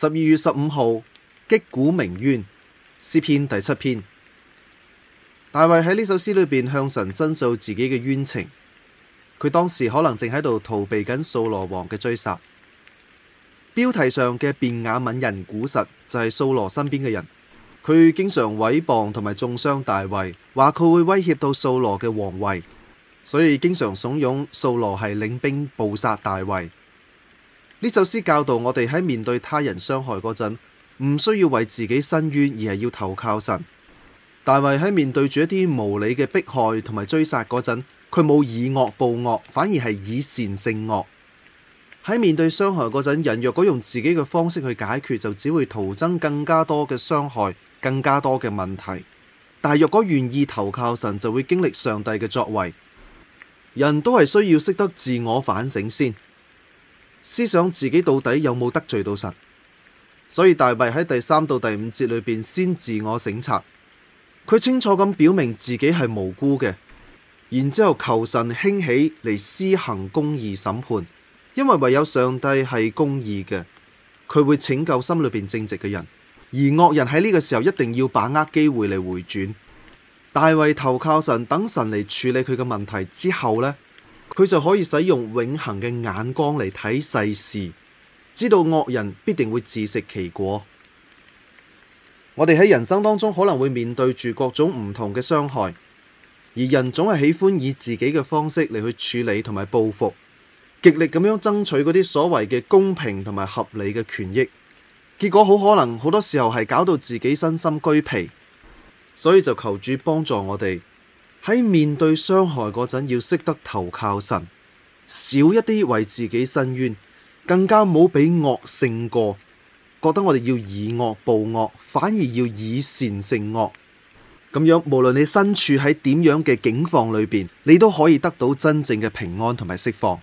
十二月十五號，擊鼓鳴冤，詩篇第七篇。大衛喺呢首詩裏邊向神申訴自己嘅冤情。佢當時可能正喺度逃避緊掃羅王嘅追殺。標題上嘅便雅憫人古實就係掃羅身邊嘅人，佢經常毀謗同埋中傷大衛，話佢會威脅到掃羅嘅王位，所以經常慫恿掃羅係領兵捕殺大衛。呢首詩教導我哋喺面對他人傷害嗰陣，唔需要為自己申冤，而係要投靠神。大衛喺面對住一啲無理嘅迫害同埋追殺嗰陣，佢冇以惡報惡，反而係以善勝惡。喺面對傷害嗰陣，人若果用自己嘅方式去解決，就只會徒增更加多嘅傷害、更加多嘅問題。但係若果願意投靠神，就會經歷上帝嘅作為。人都係需要識得自我反省先。思想自己到底有冇得罪到神，所以大衛喺第三到第五節裏邊先自我省察，佢清楚咁表明自己係無辜嘅，然之後求神興起嚟施行公義審判，因為唯有上帝係公義嘅，佢會拯救心裏邊正直嘅人，而惡人喺呢個時候一定要把握機會嚟回轉。大衛投靠神，等神嚟處理佢嘅問題之後咧。佢就可以使用永恆嘅眼光嚟睇世事，知道惡人必定會自食其果。我哋喺人生當中可能會面對住各種唔同嘅傷害，而人總係喜歡以自己嘅方式嚟去處理同埋報復，極力咁樣爭取嗰啲所謂嘅公平同埋合理嘅權益，結果好可能好多時候係搞到自己身心俱疲，所以就求主幫助我哋。喺面對傷害嗰陣，要識得投靠神，少一啲為自己伸冤，更加冇俾惡勝過。覺得我哋要以惡報惡，反而要以善勝惡。咁樣，無論你身處喺點樣嘅境況裏邊，你都可以得到真正嘅平安同埋釋放。